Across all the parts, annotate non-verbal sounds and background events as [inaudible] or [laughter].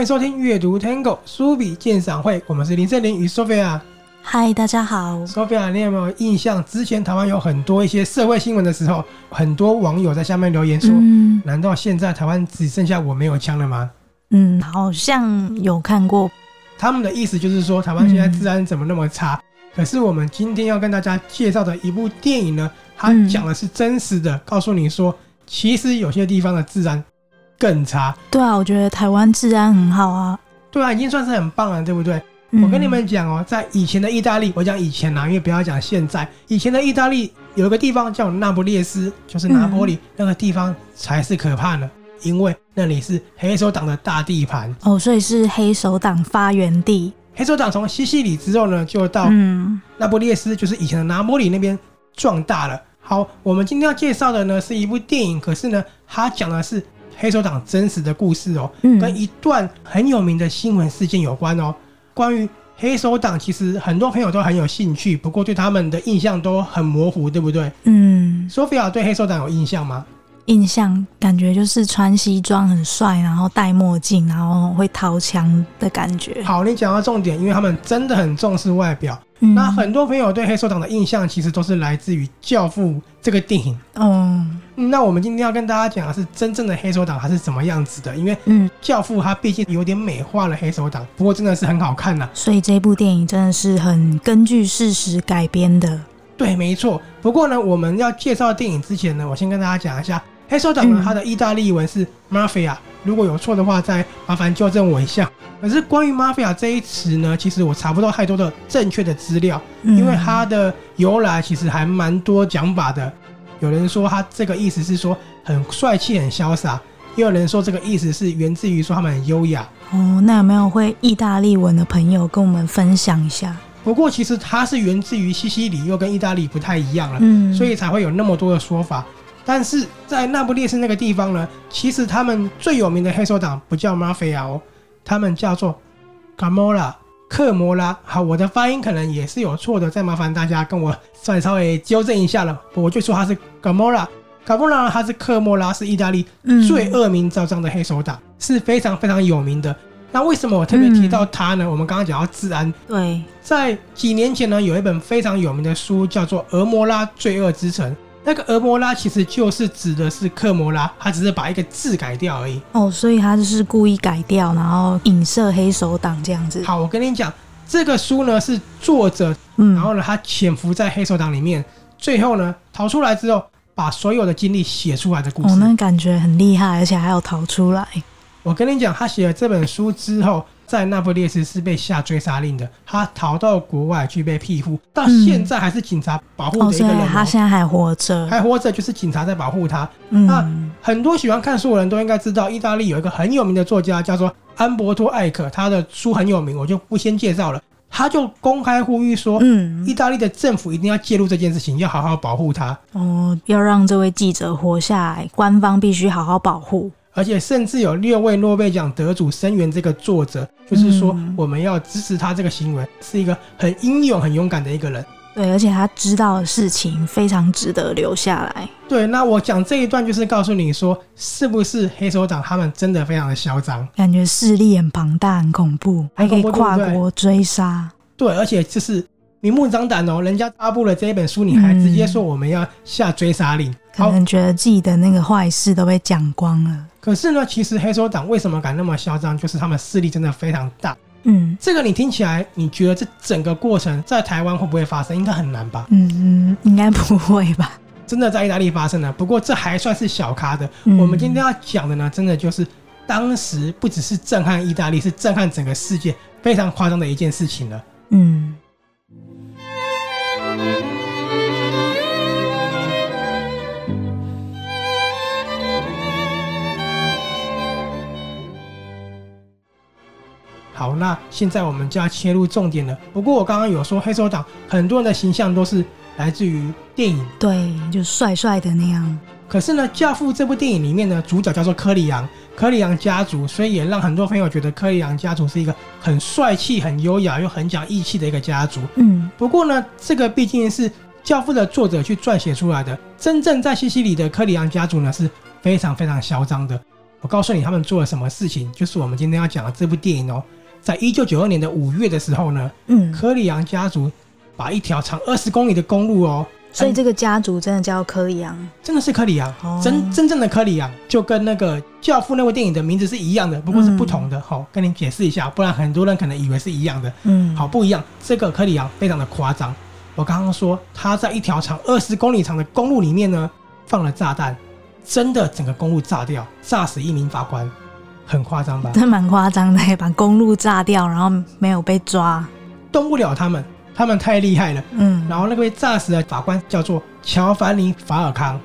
歡迎收聽閱讀 Tango 書富比鑑賞會，我們是林聖林與 Sophia。嗨，大家好，Sophia，你有沒有印象？之前台灣有很多一些社會新聞的時候，很多網友在下面留言說：“嗯、難道現在台灣只剩下我沒有槍了嗎？”嗯，好像有看過。他們的意思就是說，台灣現在治安怎麼那麼差、嗯？可是我們今天要跟大家介紹的一部電影呢，它講的是真實的，告訴你說，其實有些地方的治安，更差，對啊，我覺得台灣治安很好啊。對啊，已經算是很棒了，對不對？嗯、我跟你們講哦，在以前的意大利，我講以前啦、啊，因為不要講現在。以前的意大利有一個地方叫那不勒斯，就是拿玻里、嗯、那個地方才是可怕呢，因為那裡是黑手黨的大地盤哦，所以是黑手黨發源地。黑手黨從西西里之後呢，就到嗯，那不勒斯、嗯，就是以前的拿玻里那邊壯大了。好，我們今天要介紹的呢是一部電影，可是呢，它講的是黑手黨真實的故事哦，跟一段很有名的新聞事件有關哦。嗯，關於黑手黨，其實很多朋友都很有興趣，不過對他們的印象都很模糊，對不對？嗯，Sophia 對黑手黨有印象嗎？印象感覺就是穿西裝很帥，然後戴墨鏡，然後會掏槍的感覺。好，你講到重點，因為他們真的很重視外表。嗯、那很多朋友對黑手黨的印象其實都是來自於《教父》這個電影。哦、嗯，那我們今天要跟大家講的是真正的黑手黨他是怎麼樣子的？因為嗯，《教父》他畢竟有點美化了黑手黨，不過真的是很好看吶、啊。所以這部電影真的是很根據事實改編的。對，沒錯。不過呢，我們要介紹的電影之前呢，我先跟大家講一下黑手黨呢、嗯、他的意大利文是 mafia。如果有錯的話，再麻煩糾正我一下。可是關於 mafia 這一詞呢，其實我查不到太多的正確的資料，因為它的由來其實還蠻多講法的、嗯。有人說他這個意思是說很帥氣、很瀟灑，又有人說這個意思是源自於說他們很優雅。哦，那有沒有會意大利文的朋友跟我們分享一下？不過，其實它是源自於西西里，又跟意大利不太一樣了、嗯，所以才會有那麼多的說法。但是在那不勒斯那個地方呢，其實他們最有名的黑手黨不叫 mafia 哦，他們叫做 Camorra，克莫拉。好，我的發音可能也是有錯的，再麻煩大家跟我再稍微糾正一下了。我就說他是 Camorra，Camorra，他是克莫拉，是意大利最惡名昭彰的黑手黨、嗯，是非常非常有名的。那為什麼我特別提到它呢、嗯？我們剛剛講到治安。對，在幾年前呢，有一本非常有名的書叫做《俄摩拉罪惡之城》。那個俄摩拉其實就是指的是克摩拉，他只是把一個字改掉而已。哦，所以他就是故意改掉，然後影射黑手黨這樣子。好，我跟你講，這個書呢是作者，然後呢他潛伏在黑手黨裡面、嗯，最後呢逃出來之後，把所有的經歷寫出來的故事。我、哦、那感覺很厲害，而且還要逃出來。我跟你講，他寫了這本書之後，在那不勒斯是被下追殺令的。他逃到國外去被庇護，到現在還是警察保護的一個人。嗯哦、他現在還活着，還活着就是警察在保護他。那、嗯、很多喜歡看書的人都應該知道，意大利有一個很有名的作家叫做安伯托·艾克，他的書很有名，我就不先介紹了。他就公開呼籲說：“嗯，意大利的政府一定要介入這件事情，要好好保護他。哦，要讓這位記者活下來，官方必須好好保護。”而且甚至有六位諾貝爾獎得主聲援這個作者，就是說我們要支持他這個行為、嗯，是一個很英勇、很勇敢的一個人。對，而且他知道的事情非常值得留下來。對，那我講這一段就是告訴你說，是不是黑手黨他們真的非常的囂張，感覺勢力很龐大、很恐怖，恐怖，還可以跨國追殺。對，而且就是明目張膽哦，人家發佈了這一本書，你還直接說我們要下追殺令、嗯，可能覺得自己的那個壞事都被講光了。可是呢，其實黑手黨為什麼敢那麼囂張，就是他們勢力真的非常大。嗯，這個你聽起來，你覺得這整個過程在台灣會不會發生？應該很難吧？嗯，應該不會吧？真的在意大利發生了，不過這還算是小咖的。嗯，我們今天要講的呢，真的就是當時不只是震撼意大利，是震撼整個世界，非常誇張的一件事情了。嗯。好，那現在我們就要切入重點了。不過我剛剛有說黑，黑手黨很多人的形象都是來自於電影，對，就帥帥的那樣。可是呢，《教父》這部電影裡面呢，主角叫做柯里昂，柯里昂家族，所以也讓很多朋友覺得柯里昂家族是一個很帥氣、很優雅又很講義氣的一個家族。嗯，不過呢，這個畢竟是《教父》的作者去撰寫出來的。真正在西西里的柯里昂家族呢，是非常非常囂張的。我告訴你，他們做了什麼事情，就是我們今天要講的這部電影哦。在一九九二年的五月的時候呢，嗯，柯里昂家族把一條長二十公里的公路哦，所以這個家族真的叫柯里昂，嗯，真的是柯里昂，哦，真真正的柯里昂，就跟那個《教父》那位電影的名字是一樣的，不過是不同的。好，嗯，哦，跟你解釋一下，不然很多人可能以為是一樣的。嗯，好，不一樣。這個柯里昂非常的誇張。我剛剛說他在一條長二十公里長的公路裡面呢放了炸彈，真的整個公路炸掉，炸死一名法官。很誇張吧？這蠻誇張的，把公路炸掉，然後沒有被抓，動不了他們，他們太厲害了。嗯。然後那個被炸死的法官叫做喬凡尼·法爾康。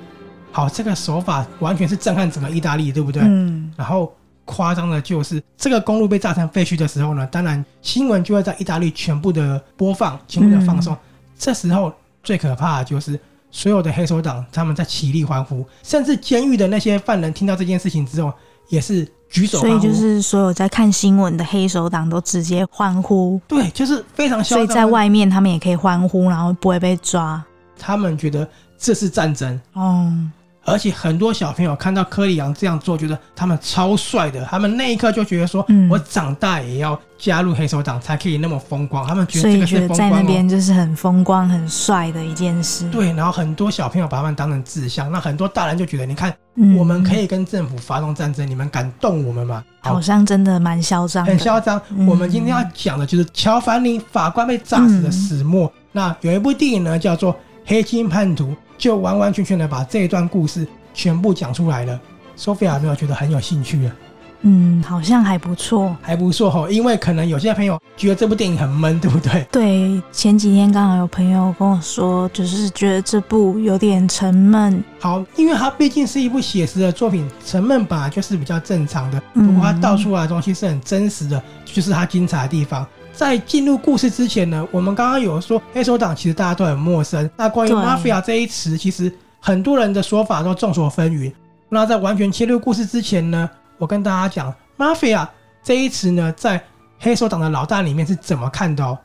好，這個手法完全是震撼整個意大利，對不對？嗯。然後誇張的就是，這個公路被炸成廢墟的時候呢，當然新聞就會在意大利全部的播放，全部的放送。嗯。這時候最可怕的就是所有的黑手黨他們在起立歡呼，甚至監獄的那些犯人聽到這件事情之後。也是舉手，所以就是所有在看新聞的黑手黨都直接歡呼。對，就是非常囂張的，所以在外面他們也可以歡呼，然後不會被抓。他們覺得這是戰爭哦。嗯而且很多小朋友看到柯里昂這樣做，覺得他們超帥的。他們那一刻就覺得說，嗯、我長大也要加入黑手黨才可以那麼風光。他們覺得，覺得這個是風光，哦、在那邊就是很風光，很帥的一件事。對，然後很多小朋友把他們當成志向。那很多大人就覺得，你看，嗯、我們可以跟政府發動戰爭，你們敢動我們嗎？好，好像真的蠻囂張的。很囂張、嗯。我們今天要講的就是喬凡尼法官被炸死的始末。嗯、那有一部電影呢，叫做。黑金叛徒就完完全全的把這一段故事全部講出來了。s 索菲 i 有沒有覺得很有興趣啊？嗯，好像還不錯，還不錯哈。因為可能有些朋友覺得這部電影很悶，對不對？對，前幾天剛好有朋友跟我說，只、就是覺得這部有點沉悶。好，因為它畢竟是一部寫實的作品，沉悶本來就是比較正常的。不過它倒出來的東西是很真實的，就是它精彩的地方。在進入故事之前呢，我們剛剛有說黑手黨其實大家都很陌生。那關於 mafia 這一詞，其實很多人的說法都眾說紛紜。那在完全切入故事之前呢，我跟大家講 mafia 這一詞呢，在黑手黨的老大裡面是怎麼看的哦。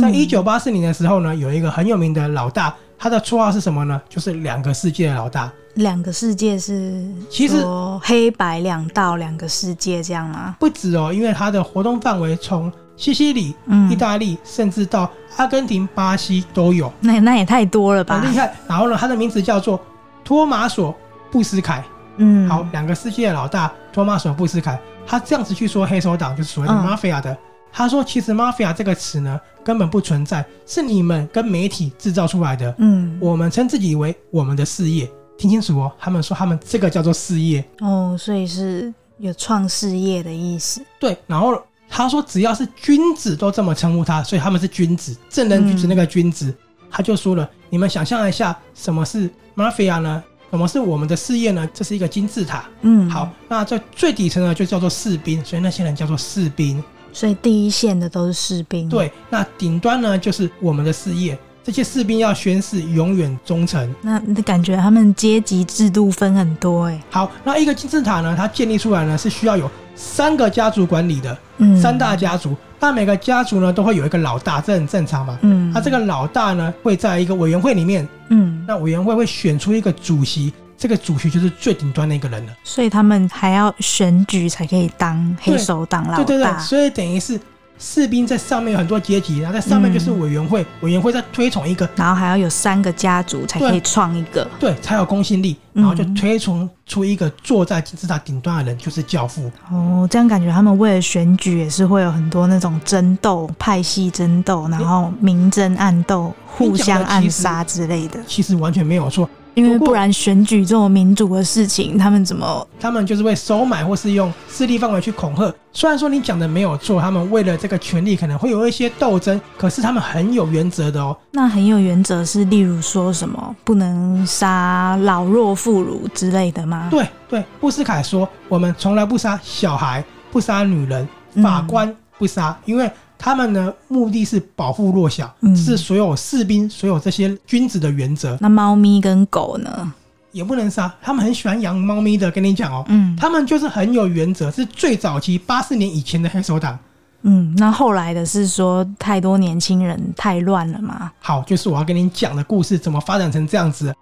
在一九八四年的時候呢，有一個很有名的老大，他的綽號是什麼呢？就是兩個世界的老大。兩個世界是？其實黑白兩道兩個世界這樣嗎？不止哦，因為他的活動範圍從西西里、意大利，嗯、甚至到阿根廷、巴西都有。那也那也太多了吧？哦、厲害。然後呢，他的名字叫做托馬索·布斯凱。嗯。好，兩個世界的老大托馬索·布斯凱，他這樣子去說黑手黨就是所謂的 mafia 的。嗯他說：“其實 ‘mafia’ 這個詞呢，根本不存在，是你們跟媒體製造出來的。”嗯，我們稱自己為我們的事業，聽清楚哦。他們說他們這個叫做事業哦，所以是有創事業的意思。對。然後他說，只要是君子都這麼稱呼他，所以他們是君子，正人君子那個君子。嗯，他就說了：“你們想象一下，什麼是 mafia 呢？什麼是我們的事業呢？這是一個金字塔。”嗯，好，那在最底層呢，就叫做士兵，所以那些人叫做士兵。所以第一線的都是士兵，對。那頂端呢，就是我們的事業。這些士兵要宣誓永遠忠誠。那你的感覺他們階級制度分很多誒、欸、好，那一個金字塔呢，它建立出來呢是需要有三個家族管理的，嗯，三大家族。但每個家族呢都會有一個老大，這很正常嘛。嗯。他這個老大呢會在一個委員會裡面，嗯。那委員會會選出一個主席。這個主席就是最頂端的一個人了，所以他們還要選舉才可以當黑手黨老大。對對對，所以等於是士兵在上面有很多階級，然後在上面就是委員會，嗯，委員會在推崇一個，然後還要有三個家族才可以創一個。對，對，才有公信力，然後就推崇出一個坐在金字塔頂端的人，嗯，就是教父。哦，這樣感覺他們為了選舉也是會有很多那種爭鬥，派系爭鬥，然後明爭暗鬥，互相暗殺之類的。你講的，其實，其實完全沒有錯。因為不然選舉這種民主的事情，他們怎麼？他們就是會收買，或是用勢力範圍去恐嚇。雖然說你講的沒有錯，他們為了這個權力可能會有一些鬥爭，可是他們很有原則的哦。那很有原則是例如說什麼不能殺老弱婦孺之類的嗎？對對，布斯凱說我們從來不殺小孩，不殺女人，法官不殺，嗯、因為。他們呢，目的是保護弱小，嗯，是所有士兵、所有這些君子的原則。那貓咪跟狗呢，也不能殺。他們很喜歡養貓咪的，跟你講哦，嗯，他們就是很有原則，是最早期八四年以前的黑手黨。嗯，那後來的是說太多年輕人太亂了嗎？好，就是我要跟你講的故事怎麼發展成這樣子。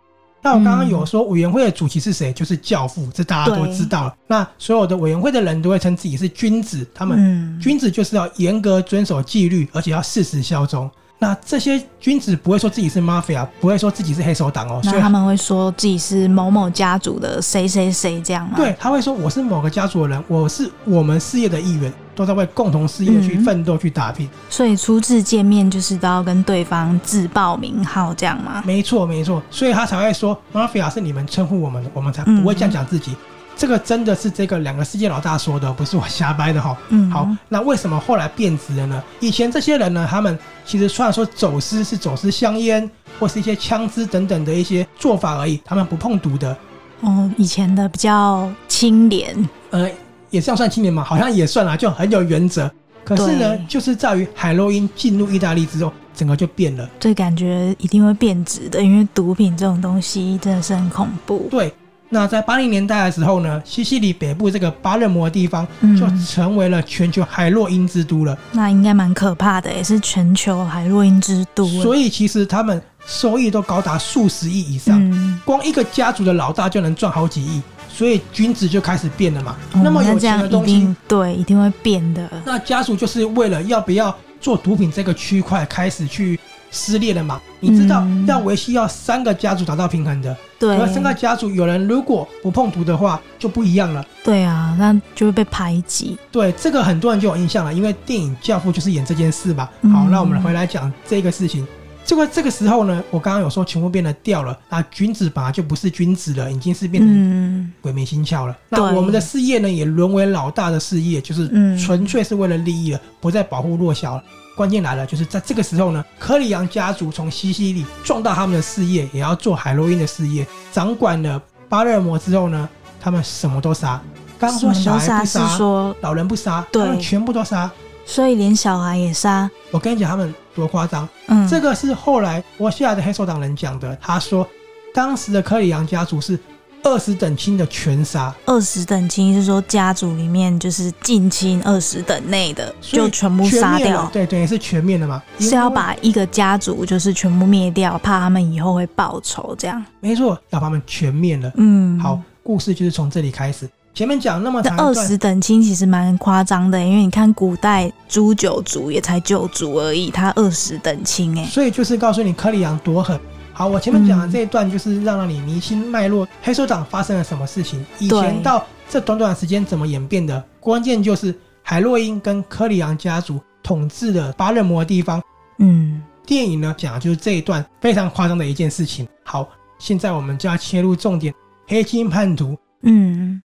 那我剛剛有說，委員會的主席是誰、嗯？就是教父，這大家都知道了。那所有的委員會的人都會稱自己是君子，他們君子就是要嚴格遵守紀律，而且要事實效忠。那這些君子不會說自己是 mafia，不會說自己是黑手黨哦、喔，所以那他們會說自己是某某家族的誰誰誰這樣嗎？對，他會說我是某個家族的人，我是我們事業的一員，都在為共同事業去奮鬥去打拼、嗯。所以初次見面就是都要跟對方自報名號這樣嗎？沒錯，沒錯，所以他才會說 mafia 是你們稱呼我們的，我們才不會這樣講自己。嗯這個真的是這個兩個世界老大說的，不是我瞎掰的哈。嗯，好，那為什麼後來變質了呢？以前這些人呢，他們其實雖然說走私是走私香煙或是一些槍支等等的一些做法而已，他們不碰毒的。嗯，以前的比較清廉。呃，也是要算清廉嘛，好像也算啊，就很有原則。對。可是呢，就是在於海洛因進入意大利之後，整個就變了。對，感覺一定會變質的，因為毒品這種東西真的是很恐怖。對。那在八零年代的時候呢，西西里北部這個巴勒摩的地方就成為了全球海洛因之都了。嗯、那應該蠻可怕的，也是全球海洛因之都。所以其實他們收益都高達數十億以上，嗯，光一個家族的老大就能賺好幾億。所以君子就開始變了嘛。哦、那麼有錢的東西，一定對，一定會變的。那家族就是為了要不要做毒品這個區塊開始去。撕裂了嘛？你知道、嗯、要維繫，要三個家族達到平衡的，對，而三個家族有人如果不碰毒的話就不一樣了，對啊，那就會被排擠。對，這個很多人就有印象了，因為電影《教父》就是演這件事嘛、嗯。好，那我們回來講這個事情。這個這個時候呢，我剛剛有說全部變得掉了，那君子本來就不是君子了，已經是變得嗯鬼迷心竅了。那我們的事業呢，也淪為老大的事業，就是純粹是為了利益了，嗯、不再保護弱小了。關鍵來了，就是在這個時候呢，柯里昂家族從西西里壯大他們的事業，也要做海洛因的事業。掌管了巴勒摩之後呢，他們什麼都殺，剛說小孩不殺，殺是說，老人不殺，對，他們全部都殺，所以連小孩也殺。我跟你講，他們多誇張。嗯，這個是後來佛西亞的黑手黨人講的，他說當時的柯里昂家族是二十等親的全殺，二十等親，就是說家族裡面就是近親二十等內的全就全部殺掉，對，對，對，對是全面的嘛，是要把一個家族就是全部滅掉，怕他們以後會報仇這樣。沒錯，要把他們全面了。嗯，好，故事就是從這裡開始。前面講那麼，二十等親其實蠻誇張的，因為你看古代誅九族也才九族而已，他二十等親哎，所以就是告訴你柯里昂多狠。好，我前面講的這一段就是讓讓你釐清脈絡，嗯、黑手黨發生了什麼事情，以前到這短短的時間怎麼演變的，關鍵就是海洛因跟柯里昂家族統治的巴勒摩地方。嗯，電影呢講的就是這一段非常誇張的一件事情。好，現在我們就要切入重點，黑金叛徒。嗯。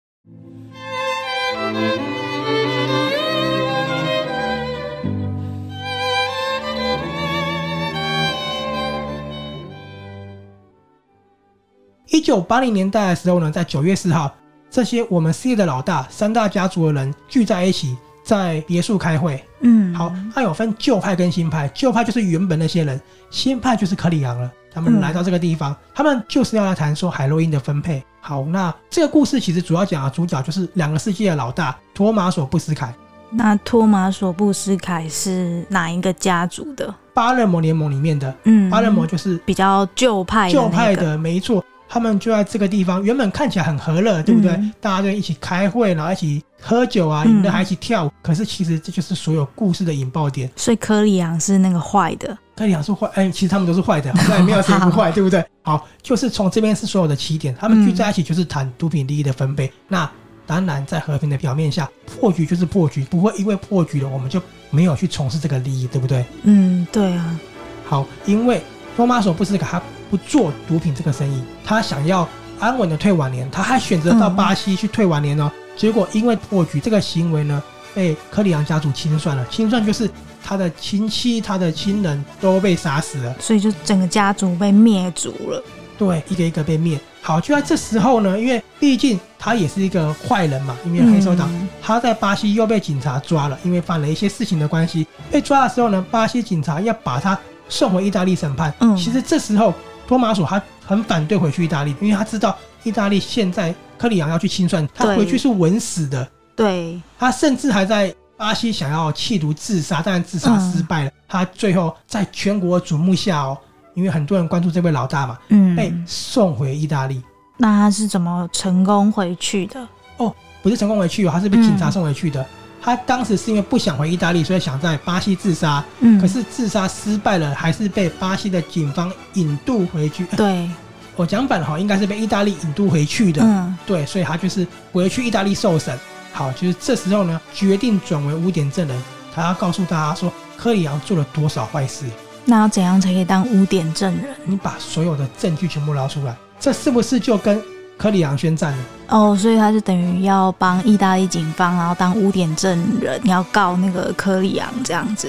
一九八零年代的時候呢，在九月四號，這些我們 C 的老大三大家族的人聚在一起，在別墅開會。嗯，好，他有分舊派跟新派，舊派就是原本那些人，新派就是克里昂了。他們來到這個地方，嗯、他們就是要來談說海洛因的分配。好，那這個故事其實主要講的主角就是兩個世界的老大托馬索布斯凱。那托馬索布斯凱是哪一個家族的？巴勒摩聯盟裡面的，嗯，巴勒摩就是比較舊派，舊派的、那個，舊派的沒錯。他們就在這個地方，原本看起來很和樂，對不對、嗯？大家就一起開會，然後一起喝酒啊，有的還一起跳舞。可是其實這就是所有故事的引爆點。所以柯里昂是那個壞的，柯里昂是壞，哎、欸，其實他們都是壞的， [laughs] 也沒有誰不壞， [laughs] 對不對？好，就是從這邊是所有的起點，他們聚在一起就是談毒品利益的分配。嗯、那當然，在和平的表面下，破局就是破局，不會因為破局了，我們就沒有去從事這個利益，對不對？嗯，對啊。好，因為。托瑪索·布斯凱他不做毒品這個生意，他想要安穩的退晚年，他還選擇到巴西去退晚年呢、喔嗯。結果因為破局這個行為呢，被科里昂家族清算了。清算就是他的親戚、他的親人都被殺死了，所以就整個家族被滅族了。對，一個一個被滅。好，就在這時候呢，因為畢竟他也是一個壞人嘛，因為黑手黨、嗯，他在巴西又被警察抓了，因為犯了一些事情的關係。被抓的時候呢，巴西警察要把他。送回意大利審判，嗯、其實這時候托馬索他很反對回去意大利，因為他知道意大利現在柯里昂要去清算他，回去是穩死的對。對，他甚至還在巴西想要企圖自殺，但自殺失敗了、嗯。他最後在全國矚目下哦，因為很多人關注這位老大嘛、嗯，被送回意大利。那他是怎麼成功回去的？哦，不是成功回去哦，他是被警察、嗯、送回去的。他、啊、當時是因為不想回意大利，所以想在巴西自殺。嗯，可是自殺失敗了，還是被巴西的警方引渡回去。欸、對，我講版哈，應該是被意大利引渡回去的。嗯，對，所以他就是回去意大利受審。好，就是這時候呢，決定轉為污點證人，他要告訴大家說，柯里昂做了多少壞事。那要怎樣才可以當污點證人？你把所有的證據全部撈出來，這是不是就跟？柯里昂宣戰了哦，所以他就等於要幫意大利警方，然後當污點證人，要告那個柯里昂這樣子。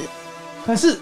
可是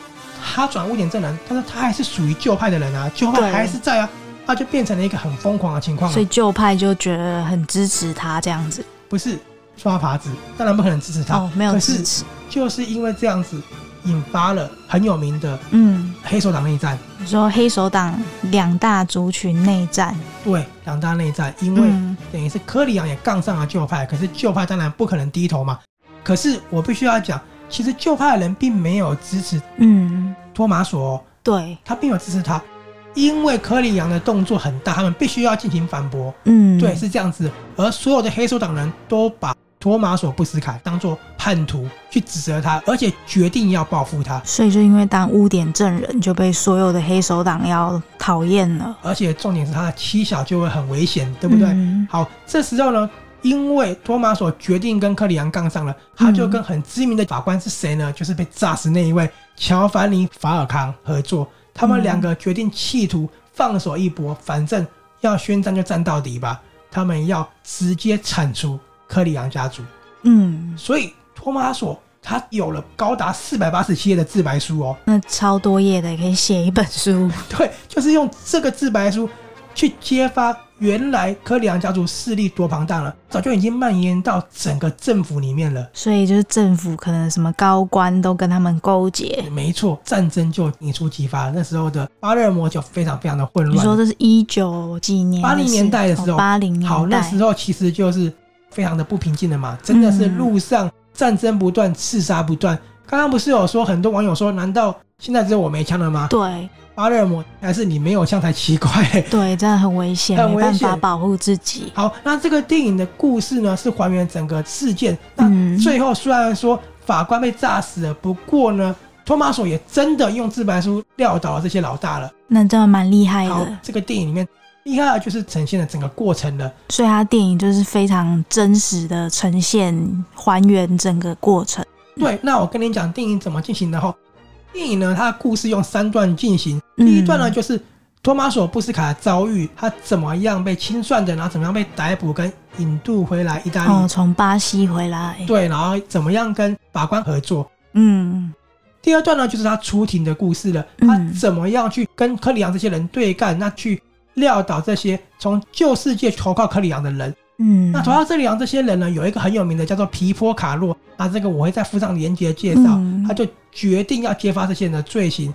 他轉污點證人，但是他還是屬於舊派的人啊，舊派還是在啊，他就變成了一個很瘋狂的情況啊。所以舊派就覺得很支持他這樣子，不是刷法子，當然不可能支持他哦，沒有支持，就是因為這樣子。引發了很有名的嗯黑手黨內戰，嗯，你說黑手黨兩大族群內戰，對兩大內戰，因為、嗯、等於是柯里昂也槓上了舊派，可是舊派當然不可能低頭嘛。可是我必須要講，其實舊派的人並沒有支持嗯托馬索、哦嗯，對他並沒有支持他，因為柯里昂的動作很大，他們必須要進行反駁。嗯，對，是這樣子，而所有的黑手黨人都把。托馬索布斯凱當做叛徒去指責他，而且決定要報復他，所以就因為當污點證人就被所有的黑手黨要討厭了，而且重點是他的妻小就會很危險，對不對、嗯？好，這時候呢，因為托馬索決定跟柯里昂槓上了，他就跟很知名的法官是誰呢？嗯，就是被炸死那一位喬凡尼法爾康合作，他們兩個決定企圖放手一搏，嗯，反正要宣戰就戰到底吧，他們要直接鏟除。柯里昂家族，嗯，所以托馬索他有了高達四百八十七頁的自白書哦，那超多頁的也可以寫一本書。 [laughs] 對，就是用這個自白書去揭發原來柯里昂家族勢力多龐大了，早就已經蔓延到整個政府裡面了。所以就是政府可能什麼高官都跟他們勾結。沒錯，戰爭就一觸即發。那時候的巴勒摩就非常非常的混亂。你說這是一九幾年？八零年代的時候，哦，八零年代。好，那時候其實就是。非常的不平靜的嘛，真的是路上戰爭不斷、嗯，刺殺不斷。剛剛不是有說很多網友說，難道現在只有我沒槍了嗎？對，巴勒摩，還是你沒有槍才奇怪、欸。對，真的很危險，沒辦法保護自己。好，那這個電影的故事呢，是還原整個事件、嗯。那最後雖然說法官被炸死了，不過呢，托馬索也真的用自白書撂倒了這些老大了。那真的蠻厲害的。好，這個電影裡面。第二就是呈現了整個過程的，所以他電影就是非常真實的呈現、還原整個過程。嗯、對，那我跟你講電影怎麼進行的哈。電影呢，它的故事用三段進行。第一段呢，就是托馬索·布斯卡的遭遇，他怎麼樣被清算的，然後怎麼樣被逮捕、跟引渡回來意大利，哦、從巴西回來。對，然後怎麼樣跟法官合作？嗯。第二段呢，就是他出庭的故事了，他怎麼樣去跟柯里昂這些人對幹？那去。撂倒這些從舊世界投靠柯里昂的人。嗯，那投靠柯里昂這些人呢，有一個很有名的叫做皮波卡洛。那這個我會再附上連結介紹、嗯。他就決定要揭發這些人的罪行。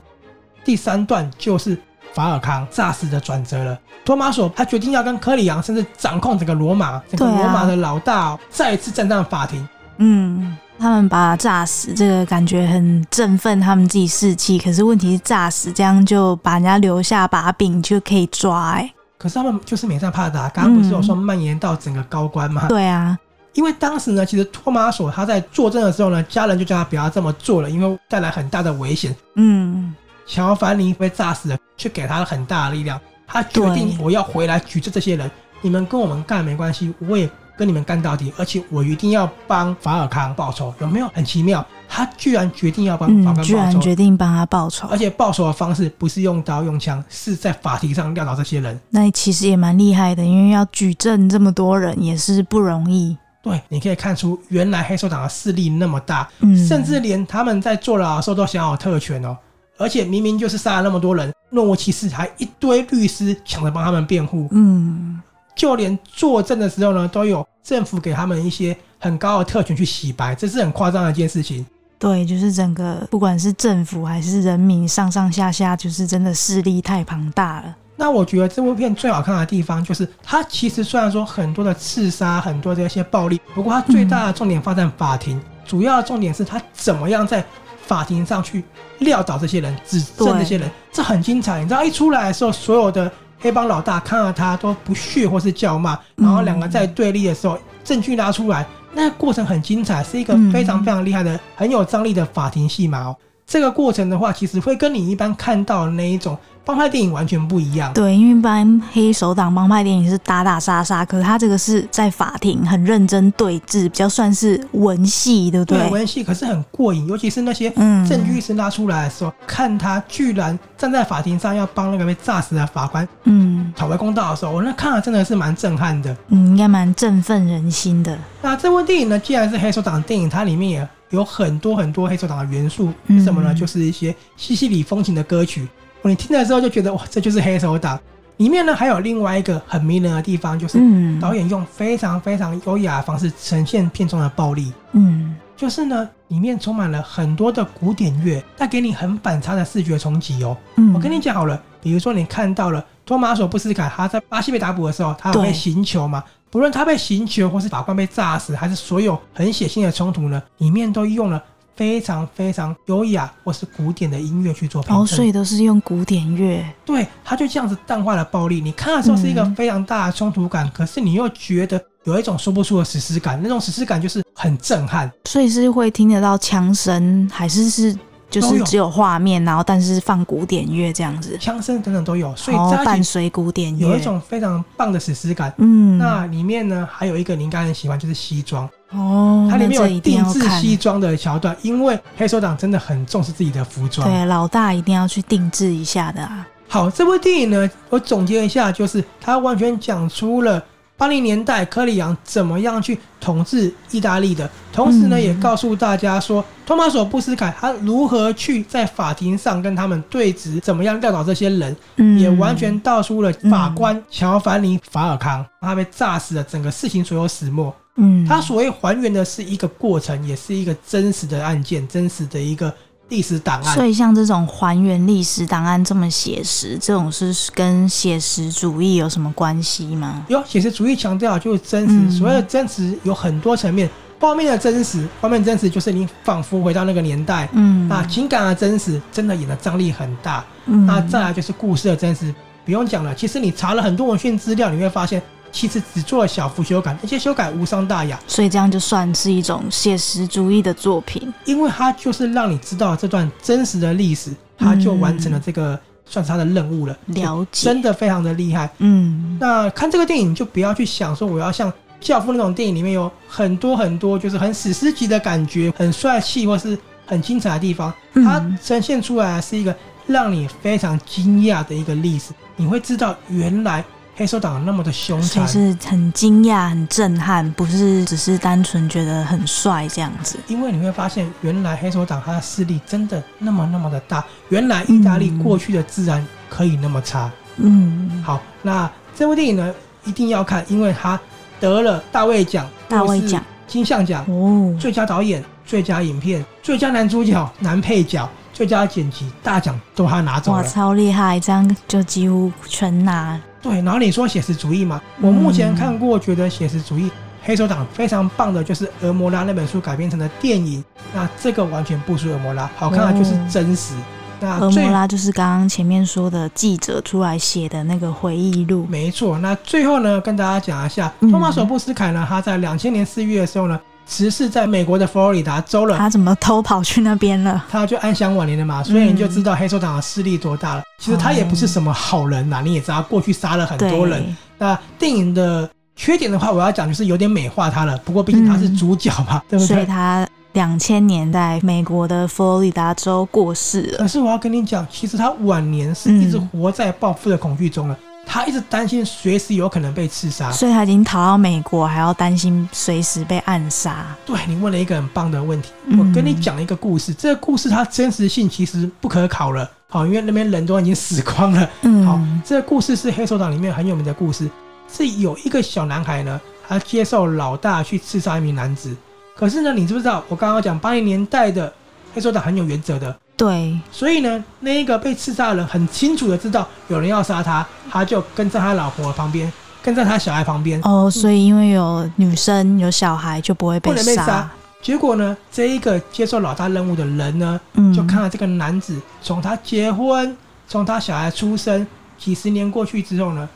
第三段就是法爾康炸死的轉折了。托馬索他決定要跟柯里昂，甚至掌控整個羅馬、整個羅馬的老大再次站上法庭。嗯，他們把他炸死這個感覺很振奮，他們自己士氣。可是問題是，炸死這樣就把人家留下把柄，就可以抓，欸。哎，可是他們就是沒在怕打，剛剛不是有說，說蔓延到整個高官嗎？嗯，對啊，因為當時呢，其實托馬索他在作證的時候呢，家人就叫他不要這麼做了，因為帶來很大的危險。嗯，喬凡尼被炸死了，卻給他很大的力量。他決定我要回來舉着這些人，你們跟我們幹沒關係，我也。跟你們幹到底，而且我一定要幫法爾康報仇，有沒有？很奇妙，他居然決定要幫法爾康報仇、嗯，居然決定幫他報仇，而且報仇的方式不是用刀用槍，是在法庭上撂倒這些人。那其實也蠻厲害的，因為要舉證這麼多人也是不容易。對，你可以看出原來黑手黨的勢力那麼大，嗯、甚至連他們在坐牢的時候都享有特權哦，而且明明就是殺了那麼多人，若無其事，還一堆律師搶着幫他們辯護。嗯。就連作證的時候呢，都有政府給他們一些很高的特權去洗白，這是很誇張的一件事情。對，就是整個不管是政府還是人民上上下下，就是真的勢力太龐大了。那我覺得這部片最好看的地方就是，它其實雖然說很多的刺殺、很多的一些暴力，不過它最大的重點放在法庭、嗯，主要的重點是它怎麼樣在法庭上去撂倒這些人、指證這些人，這很精彩。你知道一出來的時候，所有的。黑幫老大看了他都不屑，或是叫罵，然後兩個在對立的時候、嗯、證據拿出來，那個過程很精彩，是一個非常非常厲害的、嗯、很有張力的法庭戲碼哦。這個過程的話，其實會跟你一般看到的那一種幫派電影完全不一樣。對，因為一般黑手黨幫派電影是打打殺殺，可是他這個是在法庭，很認真對峙，比較算是文戲，對不對？對，文戲可是很過癮，尤其是那些證據一拿出來的時候、嗯，看他居然站在法庭上要幫那個被炸死的法官嗯討回公道的時候，我、嗯哦、那看了真的是蠻震撼的。嗯，應該蠻振奮人心的。那這部電影呢，既然是黑手黨電影，它裡面也有很多很多黑手黨的元素是什麼呢？就是一些西西里風情的歌曲。嗯、你聽了之後就覺得哇，這就是黑手黨。裡面呢還有另外一個很迷人的地方，就是導演用非常非常優雅的方式呈現片中的暴力。嗯，就是呢，裡面充滿了很多的古典樂，帶給你很反差的視覺衝擊哦、嗯。我跟你講好了，比如說你看到了托馬索布斯卡他在巴西被逮捕的時候，他有被刑求嘛。不論他被行刑，或是法官被炸死，還是所有很血腥的衝突呢，裡面都用了非常非常優雅或是古典的音樂去做平衡。然後、哦、所以都是用古典樂。對，他就這樣子淡化了暴力。你看的時候是一個非常大的衝突感、嗯，可是你又覺得有一種說不出的史詩感。那種史詩感就是很震撼。所以是會聽得到槍聲，還是是？就是只有畫面有，然後但是放古典樂這樣子，槍聲等等都有，所以在伴隨古典樂，有一種非常棒的史詩感。哦、嗯，那裡面呢還有一個您應該很喜歡，就是西裝哦，它裡面有定制西裝的橋段，因為黑手黨真的很重視自己的服裝，對、啊，老大一定要去定制一下的、啊。好，這部電影呢，我總結一下，就是它完全講出了。八零年代，柯里昂怎麼樣去統治意大利的？同時呢，嗯、也告訴大家說，托馬索布斯凱他如何去在法庭上跟他們對峙，怎麼樣撂倒這些人？嗯、也完全道出了法官、嗯、喬凡尼法爾康他被炸死了，整個事情所有始末。嗯、他所謂還原的是一個過程，也是一個真實的案件，真實的一個。歷史檔案，所以像這種還原歷史檔案這麼寫實，這種是跟寫實主義有什麼關係嗎？喲，寫實主義強調就是真實，所謂的真實有很多層面，畫面的真實，嗯，畫面的真實就是你仿佛回到那個年代，嗯啊，那情感的真實，真的演的張力很大，嗯，那再來就是故事的真實，不用講了，其實你查了很多文獻資料，你會發現。其實只做了小幅修改，而且修改無傷大雅，所以這樣就算是一種寫實主義的作品。因為它就是讓你知道這段真實的歷史，它就完成了這個算是它的任務了。了解，真的非常的厲害。嗯，那看這個電影就不要去想說我要像教父那種電影裡面有很多很多就是很史詩級的感覺，很帥氣或是很精彩的地方。它呈現出來是一個讓你非常驚訝的一個歷史，你會知道原來。黑手黨那麼的兇殘，其實很驚訝、很震撼，不是只是單純覺得很帥這樣子。因為你會發現，原來黑手黨他的勢力真的那麼那麼的大，原來意大利過去的治安可以那麼差。嗯，好，那這部電影呢，一定要看，因為他得了大衛獎、大衛獎、金像獎、哦，最佳導演、最佳影片、最佳男主角、男配角、最佳剪輯大獎都他拿走了，哇，超厲害，這樣就幾乎全拿。對，然後你說寫實主義嘛？我目前看過，覺得寫實主義、嗯、黑手黨非常棒的，就是《俄摩拉》那本書改編成的電影。那這個完全不輸《俄摩拉》，好看的就是真實。嗯、那《俄摩拉》就是剛剛前面說的記者出來寫的那個回憶錄。沒錯。那最後呢，跟大家講一下，托、嗯、馬索·布斯凱呢，他在兩千年四月的時候呢。可實是在美國的佛羅里達州了。他怎麼偷跑去那邊了？他就安享晚年了嘛。所以你就知道黑手黨的勢力多大了、嗯。其實他也不是什麼好人吶、啊，你也知道過去殺了很多人。那電影的缺點的話，我要講就是有點美化他了。不過畢竟他是主角嘛、嗯，對不對？所以他兩千年代美國的佛羅里達州過世了。可是我要跟你講，其實他晚年是一直活在報復的恐懼中了、嗯他一直擔心隨時有可能被刺殺，所以他已經逃到美國，還要擔心隨時被暗殺。對，你問了一個很棒的問題，嗯、我跟你講一個故事。這個故事它真實性其實不可考了，好，因為那邊人都已經死光了、嗯。好，這個故事是黑手黨裡面很有名的故事，是有一個小男孩呢，他接受老大去刺殺一名男子。可是呢，你知不知道？我剛剛講八零年代的黑手黨很有原則的。對，所以呢，那一個被刺殺的人很清楚的知道有人要殺他，他就跟在他老婆旁邊，跟在他小孩旁邊。哦，所以因為有女生、嗯、有小孩就不會被殺。結果呢，這一個接受老大任務的人呢，就看到這個男子從他結婚，從他小孩出生，幾十年過去之後呢，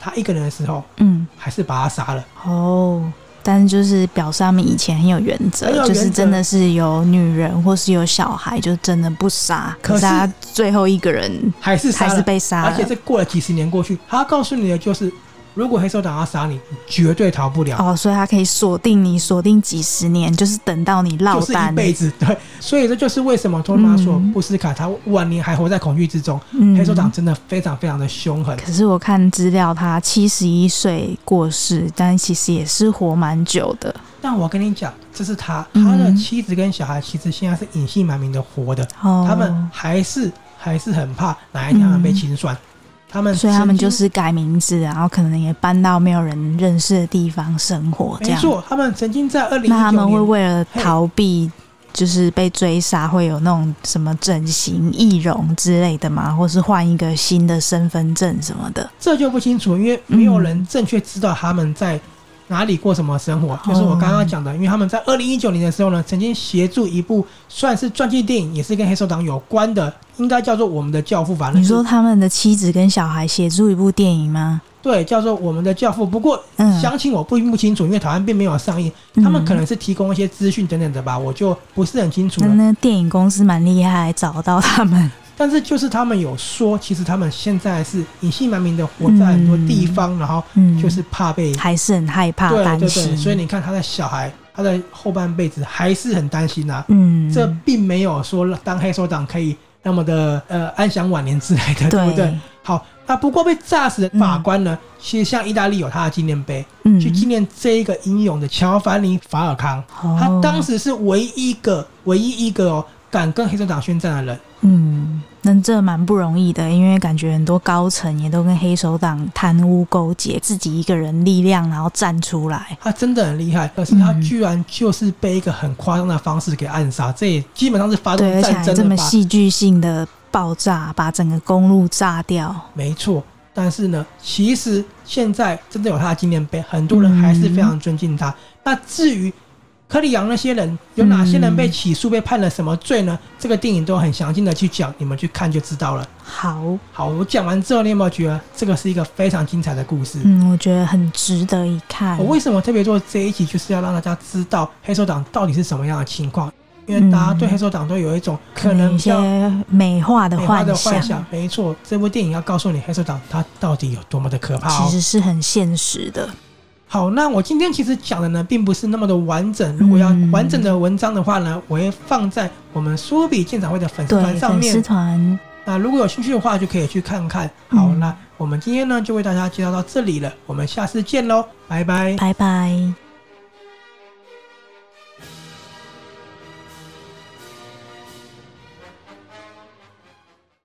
他一個人的時候，嗯，還是把他殺了。哦。但是就是表示他們以前很有原則，就是真的是有女人或是有小孩，就真的不殺。可是他最後一個人還是還是被殺了，而且這過了幾十年過去，他告訴你的就是，如果黑手黨要殺你，絕對逃不了哦。所以他可以鎖定你，鎖定幾十年，就是等到你落單，就是、一輩子。對，所以這就是為什麼托馬索·嗯、布斯卡他晚年還活在恐懼之中、嗯。黑手黨真的非常非常的凶狠。可是我看資料，他七十一歲過世，但其實也是活蠻久的。但我跟你講，這是他、嗯，他的妻子跟小孩其實現在是隱姓埋名的活的，哦、他們還是還是很怕哪一天被清算。嗯他們所以他們就是改名字，然後可能也搬到沒有人認識的地方生活這樣。沒錯，他們曾經在二零，那他們會為了逃避，就是被追殺，會有那種什麼整形、易容之類的嗎？或是換一個新的身份證什麼的？這就不清楚，因為沒有人正確知道他們在哪裡過什麼生活？就是我剛剛講的，因為他們在二零一九年的時候呢，曾經協助一部算是傳記電影，也是跟黑手黨有關的，應該叫做《我們的教父》吧？你說他們的妻子跟小孩協助一部電影嗎？對，叫做《我們的教父》。不過，嗯，詳情我不不清楚，因為台灣並沒有上映，他們可能是提供一些資訊等等的吧，我就不是很清楚了。那電影公司蠻厲害，找到他們。但是就是他們有說，其實他們現在是隱姓埋名的活在很多地方，嗯、然後就是怕被、嗯、還是很害怕，對對對，所以你看他的小孩，他的後半輩子還是很擔心吶、啊。嗯，這並沒有說當黑手黨可以那麼的呃安享晚年之類的，對不對？好，那不過被炸死的法官呢，嗯、其實像意大利有他的紀念碑，嗯、去紀念這一個英勇的喬凡尼·法爾康、哦，他當時是唯一一個唯一一個哦、喔，敢跟黑手黨宣戰的人。嗯，那這蠻不容易的，因為感覺很多高層也都跟黑手黨貪污勾結，自己一個人力量然後站出來，他真的很厲害。可是他居然就是被一個很誇張的方式給暗殺，嗯，這也基本上是發動戰爭的。而且這麼戲劇性的爆炸，把整個公路炸掉。嗯，沒錯，但是呢，其實現在真的有他的紀念碑，很多人還是非常尊敬他。嗯，那至於。柯里昂那些人有哪些人被起訴、被判了什麼罪呢？嗯、這個電影都很詳盡的去講，你們去看就知道了。好，好，我講完之後，你有沒有覺得這個是一個非常精彩的故事？嗯，我覺得很值得一看。我、哦、為什麼特別做這一集，就是要讓大家知道黑手黨到底是什麼樣的情況、嗯？因為大家對黑手黨都有一種可能比較美化的、美的幻想。沒錯，這部電影要告訴你黑手黨它到底有多麼的可怕、哦，其實是很現實的。好，那我今天其實講的呢，並不是那麼的完整。如果要完整的文章的話呢，嗯、我會放在我們書富比鑑賞會的粉絲團上面。粉絲團。那如果有興趣的話，就可以去看看。好、嗯，那我們今天呢，就為大家介紹到這裡了。我們下次見嘍，拜拜，拜拜。